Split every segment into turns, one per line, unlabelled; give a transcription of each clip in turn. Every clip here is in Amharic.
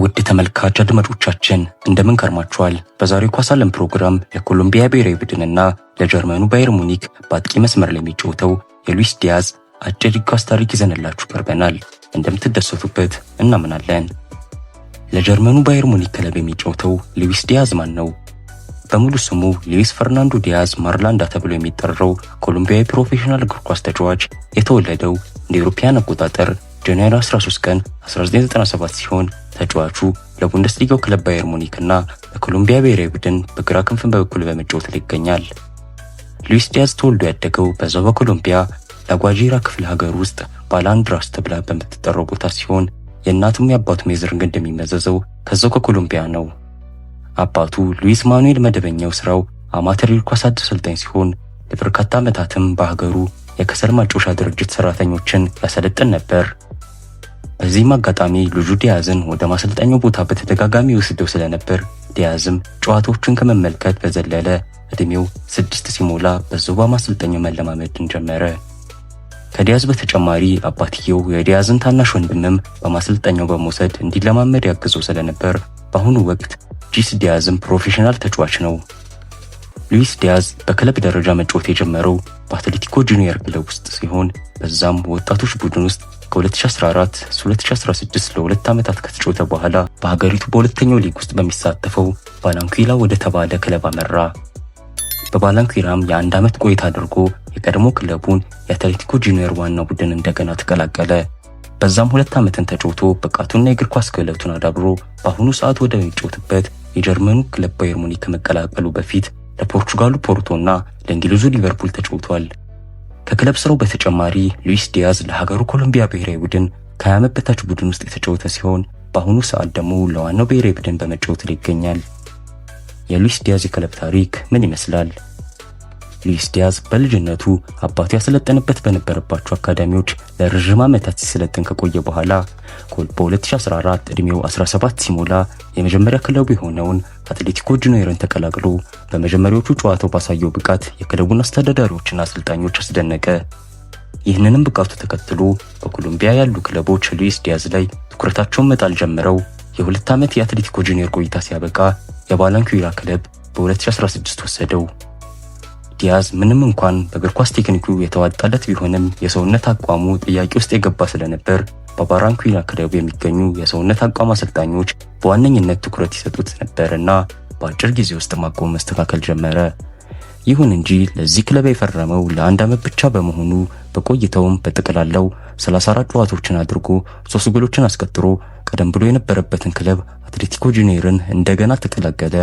ውድ ተመልካች አድማጮቻችን እንደምን ከርማችኋል? በዛሬው ኳስ አለም ፕሮግራም የኮሎምቢያ ብሔራዊ ቡድንና ለጀርመኑ ባየር ሙኒክ በአጥቂ መስመር ላይ የሚጫወተው የሉዊስ ዲያዝ አጭር ኳስ ታሪክ ይዘንላችሁ ቀርበናል። እንደምትደሰቱበት እናምናለን። ለጀርመኑ ባየር ሙኒክ ክለብ የሚጫወተው ሉዊስ ዲያዝ ማን ነው? በሙሉ ስሙ ሉዊስ ፈርናንዶ ዲያዝ ማርላንዳ ተብሎ የሚጠራው ኮሎምቢያዊ ፕሮፌሽናል እግር ኳስ ተጫዋች የተወለደው እንደ አውሮፓውያን አቆጣጠር ጃንዋሪ 13 ቀን 1997 ሲሆን ተጫዋቹ ለቡንደስሊጋው ክለብ ባየር ሙኒክ እና ለኮሎምቢያ ብሔራዊ ቡድን በግራ ክንፍን በበኩል በመጫወት ላይ ይገኛል። ሉዊስ ዲያዝ ተወልዶ ያደገው በዛው በኮሎምቢያ ላጓጂራ ክፍለ ሀገር ውስጥ ባላንድራስ ተብላ በምትጠራው ቦታ ሲሆን የእናቱም የአባቱም የዘር ግንድ የሚመዘዘው ከዛው ከኮሎምቢያ ነው። አባቱ ሉዊስ ማኑኤል መደበኛው ስራው አማተር እግር ኳስ አሰልጣኝ ሲሆን ለበርካታ ዓመታትም በሀገሩ የከሰል ማጮሻ ድርጅት ሰራተኞችን ያሰለጥን ነበር። በዚህም አጋጣሚ ልጁ ዲያዝን ወደ ማሰልጠኛው ቦታ በተደጋጋሚ ወስደው ስለነበር ዲያዝም ጨዋታዎችን ከመመልከት በዘለለ እድሜው ስድስት ሲሞላ በዙባ ማሰልጠኛው መለማመድን ጀመረ። ከዲያዝ በተጨማሪ አባትየው የዲያዝን ታናሽ ወንድምም በማሰልጠኛው በመውሰድ እንዲለማመድ ያግዘው ስለነበር በአሁኑ ወቅት ጂስ ዲያዝም ፕሮፌሽናል ተጫዋች ነው። ሉዊስ ዲያዝ በክለብ ደረጃ መጫወት የጀመረው በአትሌቲኮ ጁኒየር ክለብ ውስጥ ሲሆን በዛም ወጣቶች ቡድን ውስጥ ከ2014 2016 ለሁለት ዓመታት ከተጫወተ በኋላ በሀገሪቱ በሁለተኛው ሊግ ውስጥ በሚሳተፈው ባላንኩላ ወደ ተባለ ክለብ አመራ። በባላንኩላም የአንድ ዓመት ቆይታ አድርጎ የቀድሞ ክለቡን የአትሌቲኮ ጁኒየር ዋና ቡድን እንደገና ተቀላቀለ። በዛም ሁለት ዓመትን ተጫውቶ ብቃቱና የእግር ኳስ ክህሎቱን አዳብሮ በአሁኑ ሰዓት ወደሚጫወትበት የጀርመኑ ክለብ ባየር ሙኒክ ከመቀላቀሉ በፊት ለፖርቹጋሉ ፖርቶና ለእንግሊዙ ሊቨርፑል ተጫውቷል። ከክለብ ስራው በተጨማሪ ሉዊስ ዲያዝ ለሀገሩ ኮሎምቢያ ብሔራዊ ቡድን ከዓመት በታች ቡድን ውስጥ የተጫወተ ሲሆን በአሁኑ ሰዓት ደግሞ ለዋናው ብሔራዊ ቡድን በመጫወት ላይ ይገኛል። የሉዊስ ዲያዝ የክለብ ታሪክ ምን ይመስላል? ሉዊስ ዲያዝ በልጅነቱ አባቱ ያሰለጠንበት በነበረባቸው አካዳሚዎች ለረዥም ዓመታት ሲሰለጥን ከቆየ በኋላ ኮል በ2014 ዕድሜው 17 ሲሞላ የመጀመሪያ ክለቡ የሆነውን አትሌቲኮ ጁኒየርን ተቀላቅሎ በመጀመሪያዎቹ ጨዋታው ባሳየው ብቃት የክለቡን አስተዳዳሪዎችና አሰልጣኞች አስደነቀ። ይህንንም ብቃቱ ተከትሎ በኮሎምቢያ ያሉ ክለቦች ሉዊስ ዲያዝ ላይ ትኩረታቸውን መጣል ጀምረው የሁለት ዓመት የአትሌቲኮ ጁኒየር ቆይታ ሲያበቃ የባላንኩራ ክለብ በ2016 ወሰደው። ዲያዝ ምንም እንኳን በእግር ኳስ ቴክኒኩ የተዋጣለት ቢሆንም የሰውነት አቋሙ ጥያቄ ውስጥ የገባ ስለነበር በባራንኩላ ክለብ የሚገኙ የሰውነት አቋም አሰልጣኞች በዋነኝነት ትኩረት ይሰጡት ነበርና በአጭር ጊዜ ውስጥ ማቆም መስተካከል ጀመረ። ይሁን እንጂ ለዚህ ክለብ የፈረመው ለአንድ ዓመት ብቻ በመሆኑ በቆይታውም በጠቅላላው 34 ጨዋታዎችን አድርጎ ሶስት ጎሎችን አስቆጥሮ ቀደም ብሎ የነበረበትን ክለብ አትሌቲኮ ጁኒየርን እንደገና ተቀላቀለ።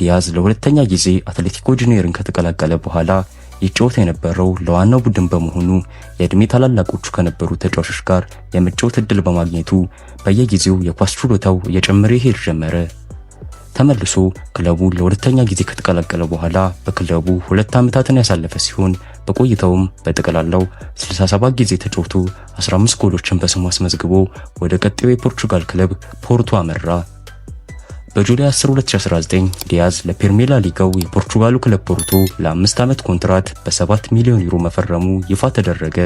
ዲያዝ ለሁለተኛ ጊዜ አትሌቲኮ ጁኒየርን ከተቀላቀለ በኋላ ይጫወት የነበረው ለዋናው ቡድን በመሆኑ የእድሜ ታላላቆቹ ከነበሩ ተጫዋቾች ጋር የመጫወት እድል በማግኘቱ በየጊዜው የኳስ ችሎታው እየጨመረ ይሄድ ጀመረ። ተመልሶ ክለቡ ለሁለተኛ ጊዜ ከተቀላቀለ በኋላ በክለቡ ሁለት ዓመታትን ያሳለፈ ሲሆን በቆይታውም በጠቅላላው 67 ጊዜ ተጫውቶ 15 ጎሎችን በስሙ አስመዝግቦ ወደ ቀጣዩ የፖርቹጋል ክለብ ፖርቶ አመራ። በጁላይ 10 2019 ዲያዝ ለፕሪሜራ ሊጋው የፖርቹጋሉ ክለብ ፖርቶ ለአምስት ዓመት ኮንትራት በ7 ሚሊዮን ዩሮ መፈረሙ ይፋ ተደረገ።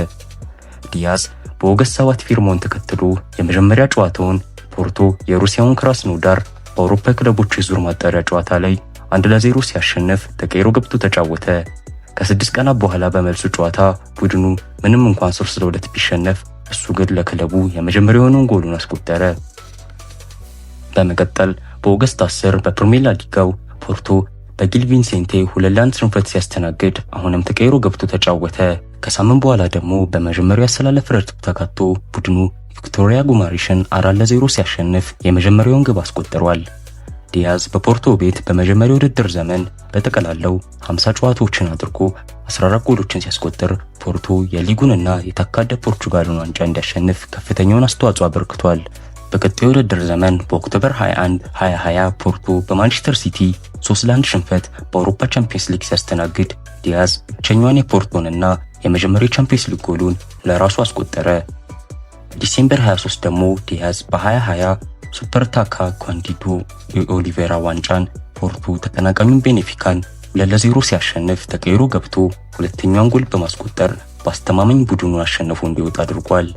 ዲያዝ በኦገስት 7 ፊርማውን ተከትሎ የመጀመሪያ ጨዋታውን ፖርቶ የሩሲያውን ክራስኖዳር በአውሮፓ ክለቦች የዙር ማጣሪያ ጨዋታ ላይ 1 ለ0 ሲያሸንፍ ተቀይሮ ገብቶ ተጫወተ። ከስድስት ቀናት በኋላ በመልሱ ጨዋታ ቡድኑ ምንም እንኳን ሶስት ለሁለት ቢሸነፍ እሱ ግን ለክለቡ የመጀመሪያውን ጎሉን አስቆጠረ። በመቀጠል በኦገስት 10 በፕሪሚየር ሊጋው ፖርቶ በጊል ቪንሴንቴ ሁለት ለአንድ ሽንፈት ሲያስተናግድ አሁንም ተቀይሮ ገብቶ ተጫወተ። ከሳምንት በኋላ ደግሞ በመጀመሪያው አሰላለፍ ረድፍ ተካቶ ቡድኑ ቪክቶሪያ ጉማሪሽን አራት ለዜሮ ሲያሸንፍ የመጀመሪያውን ግብ አስቆጥሯል። ዲያዝ በፖርቶ ቤት በመጀመሪያው ውድድር ዘመን በጠቀላላው 50 ጨዋታዎችን አድርጎ 14 ጎሎችን ሲያስቆጥር ፖርቶ የሊጉንና የታካደ ፖርቹጋልን ዋንጫ እንዲያሸንፍ ከፍተኛውን አስተዋጽኦ አበርክቷል። በቀጣዩ ውድድር ዘመን በኦክቶበር 21 2020 ፖርቶ በማንቸስተር ሲቲ 3 ለ1 ሽንፈት በአውሮፓ ቻምፒየንስ ሊግ ሲያስተናግድ ዲያዝ ብቸኛዋን የፖርቶንና የመጀመሪያው ቻምፒየንስ ሊግ ጎሉን ለራሱ አስቆጠረ። ዲሴምበር 23 ደግሞ ዲያዝ በ2020 ሱፐር ታካ ኳንቲቶ የኦሊቬራ ዋንጫን ፖርቶ ተቀናቃኙን ቤኔፊካን ሁለት ለዜሮ ሲያሸንፍ ተቀይሮ ገብቶ ሁለተኛውን ጎል በማስቆጠር በአስተማማኝ ቡድኑ አሸንፎ እንዲወጣ አድርጓል።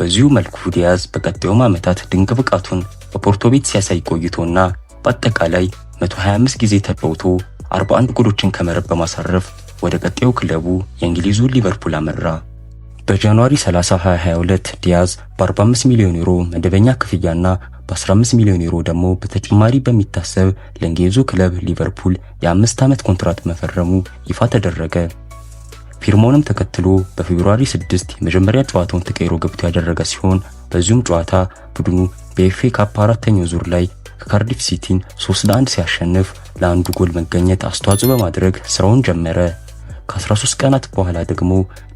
በዚሁ መልኩ ዲያዝ በቀጣዩም ዓመታት ድንቅ ብቃቱን በፖርቶ ቤት ሲያሳይ ቆይቶና በአጠቃላይ 125 ጊዜ ተጫውቶ 41 ጎሎችን ከመረብ በማሳረፍ ወደ ቀጣዩ ክለቡ የእንግሊዙ ሊቨርፑል አመራ። በጃንዋሪ 30 2022 ዲያዝ በ45 ሚሊዮን ዩሮ መደበኛ ክፍያና በ15 ሚሊዮን ዩሮ ደግሞ በተጨማሪ በሚታሰብ ለእንግሊዙ ክለብ ሊቨርፑል የአምስት ዓመት ኮንትራት መፈረሙ ይፋ ተደረገ። ፊርማውንም ተከትሎ በፌብሩዋሪ 6 የመጀመሪያ ጨዋታውን ተቀይሮ ገብቶ ያደረገ ሲሆን በዚሁም ጨዋታ ቡድኑ በኤፍኤ ካፕ አራተኛው ዙር ላይ ከካርዲፍ ሲቲን 3 ለ1 ሲያሸንፍ ለአንዱ ጎል መገኘት አስተዋጽኦ በማድረግ ስራውን ጀመረ። ከ13 ቀናት በኋላ ደግሞ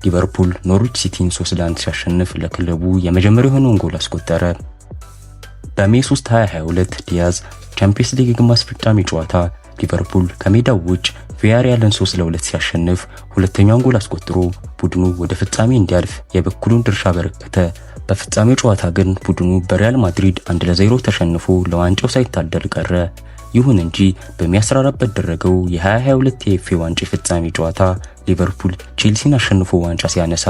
ሊቨርፑል ኖርዊች ሲቲን 3 ለ1 ሲያሸንፍ ለክለቡ የመጀመሪያ የሆነውን ጎል አስቆጠረ። በሜ 3 2022 ዲያዝ ቻምፒየንስ ሊግ ግማሽ ፍጻሜ ጨዋታ ሊቨርፑል ከሜዳው ውጭ ቪያሪያልን 3 ለ2 ሲያሸንፍ ሁለተኛውን ጎል አስቆጥሮ ቡድኑ ወደ ፍጻሜ እንዲያልፍ የበኩሉን ድርሻ በረከተ። በፍጻሜው ጨዋታ ግን ቡድኑ በሪያል ማድሪድ 1 ለ0 ተሸንፎ ለዋንጫው ሳይታደል ቀረ። ይሁን እንጂ በሚያስራራ በደረገው የ2022 የኤፍኤ ዋንጫ የፍጻሜ ጨዋታ ሊቨርፑል ቼልሲን አሸንፎ ዋንጫ ሲያነሳ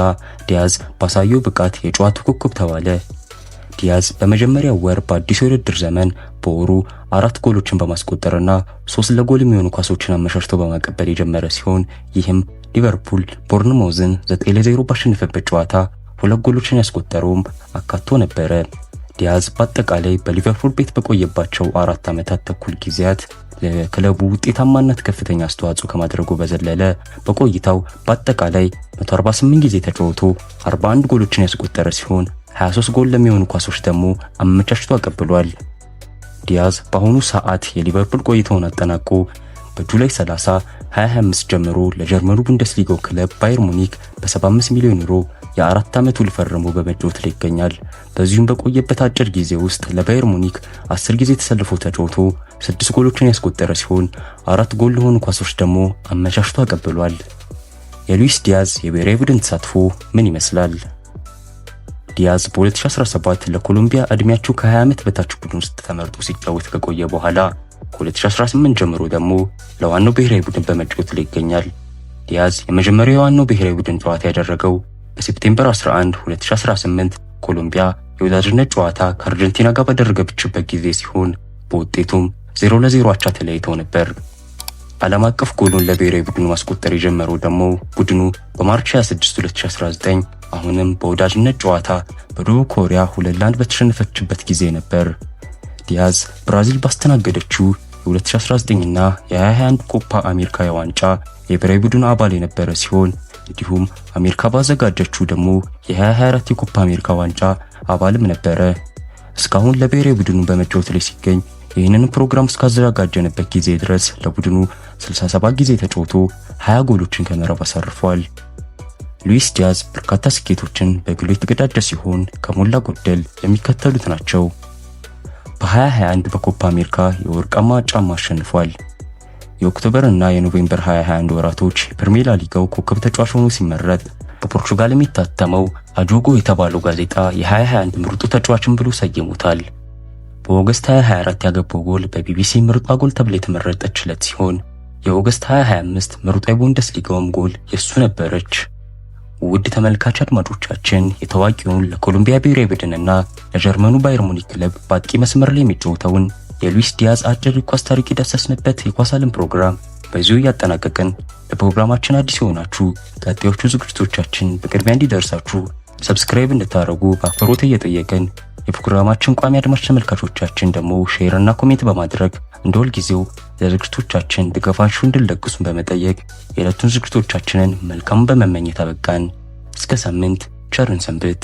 ዲያዝ ባሳየው ብቃት የጨዋታው ኮከብ ተባለ። ዲያዝ በመጀመሪያው ወር በአዲሱ የውድድር ዘመን በወሩ አራት ጎሎችን በማስቆጠርና ሶስት ለጎል የሚሆኑ ኳሶችን አመሻሽቶ በማቀበል የጀመረ ሲሆን ይህም ሊቨርፑል ቦርንሞዝን 9 ለ0 ባሸነፈበት ጨዋታ ሁለት ጎሎችን ያስቆጠረውም አካቶ ነበረ። ዲያዝ በአጠቃላይ በሊቨርፑል ቤት በቆየባቸው አራት ዓመታት ተኩል ጊዜያት ለክለቡ ውጤታማነት ከፍተኛ አስተዋጽኦ ከማድረጉ በዘለለ በቆይታው በአጠቃላይ 148 ጊዜ ተጫውቶ 41 ጎሎችን ያስቆጠረ ሲሆን 23 ጎል ለሚሆኑ ኳሶች ደግሞ አመቻችቶ አቀብሏል። ዲያዝ በአሁኑ ሰዓት የሊቨርፑል ቆይታውን አጠናቆ በጁላይ 30 2025 ጀምሮ ለጀርመኑ ቡንደስሊጋው ክለብ ባየር ሙኒክ በ75 ሚሊዮን ዩሮ የአራት ዓመት ውል ፈርሞ በመጫወት ላይ ይገኛል። በዚሁም በቆየበት አጭር ጊዜ ውስጥ ለባየር ሙኒክ 10 ጊዜ ተሰልፎ ተጫውቶ 6 ጎሎችን ያስቆጠረ ሲሆን አራት ጎል ለሆኑ ኳሶች ደግሞ አመቻችቶ አቀብሏል። የሉዊስ ዲያዝ የብሔራዊ ቡድን ተሳትፎ ምን ይመስላል? ዲያዝ በ2017 ለኮሎምቢያ ዕድሜያቸው ከ20 ዓመት በታች ቡድን ውስጥ ተመርጦ ሲጫወት ከቆየ በኋላ ከ2018 ጀምሮ ደግሞ ለዋናው ብሔራዊ ቡድን በመጫወት ላይ ይገኛል። ዲያዝ የመጀመሪያው የዋናው ብሔራዊ ቡድን ጨዋታ ያደረገው በሴፕቴምበር 11 2018 ኮሎምቢያ የወዳጅነት ጨዋታ ከአርጀንቲና ጋር ባደረገችበት ጊዜ ሲሆን በውጤቱም 0 ለ0 አቻ ተለያይተው ነበር። ዓለም አቀፍ ጎሉን ለብሔራዊ ቡድኑ ማስቆጠር የጀመረው ደግሞ ቡድኑ በማርች 26 2019 አሁንም በወዳጅነት ጨዋታ በደቡብ ኮሪያ ሁለት ለአንድ በተሸነፈችበት ጊዜ ነበር። ዲያዝ ብራዚል ባስተናገደችው የ2019 እና የ2021 ኮፓ አሜሪካ የዋንጫ የብሔራዊ ቡድን አባል የነበረ ሲሆን እንዲሁም አሜሪካ ባዘጋጀችው ደግሞ የ2024 የኮፓ አሜሪካ ዋንጫ አባልም ነበረ። እስካሁን ለብሔራዊ ቡድኑ በመጫወት ላይ ሲገኝ ይህንን ፕሮግራም እስካዘጋጀንበት ጊዜ ድረስ ለቡድኑ 67 ጊዜ ተጫውቶ 20 ጎሎችን ከመረብ አሳርፏል። ሉዊስ ዲያዝ በርካታ ስኬቶችን በግሉ የተቀዳጀ ሲሆን ከሞላ ጎደል የሚከተሉት ናቸው። በ2021 በኮፓ አሜሪካ የወርቃማ ጫማ አሸንፏል። የኦክቶበር እና የኖቬምበር 2021 ወራቶች የፕሪሜራ ሊጋው ኮከብ ተጫዋች ሆኖ ሲመረጥ በፖርቹጋል የሚታተመው አጆጎ የተባለው ጋዜጣ የ2021 ምርጡ ተጫዋችን ብሎ ሰይሞታል። በኦገስት 2024 ያገባው ጎል በቢቢሲ ምርጧ ጎል ተብላ የተመረጠችለት ሲሆን የኦገስት 2025 ምርጧ የቡንደስሊጋውም ጎል የእሱ ነበረች። ውድ ተመልካች አድማጮቻችን የታዋቂውን ለኮሎምቢያ ብሔራዊ ቡድንና ለጀርመኑ ባየር ሙኒክ ክለብ በአጥቂ መስመር ላይ የሚጫወተውን የሉዊስ ዲያዝ አጭር ኳስ ታሪክ የዳሰስንበት የኳስ ዓለም ፕሮግራም በዚሁ እያጠናቀቅን፣ ለፕሮግራማችን አዲስ የሆናችሁ ቀጣዮቹ ዝግጅቶቻችን በቅድሚያ እንዲደርሳችሁ ሰብስክራይብ እንድታደርጉ በአክብሮት እየጠየቅን የፕሮግራማችን ቋሚ አድማጭ ተመልካቾቻችን ደግሞ ሼር እና ኮሜንት በማድረግ እንደ ሁልጊዜው ለዝግጅቶቻችን ድጋፋችሁ እንድለግሱን በመጠየቅ የዕለቱን ዝግጅቶቻችንን መልካሙን በመመኘት አበቃን። እስከ ሳምንት ቸርን ሰንብት።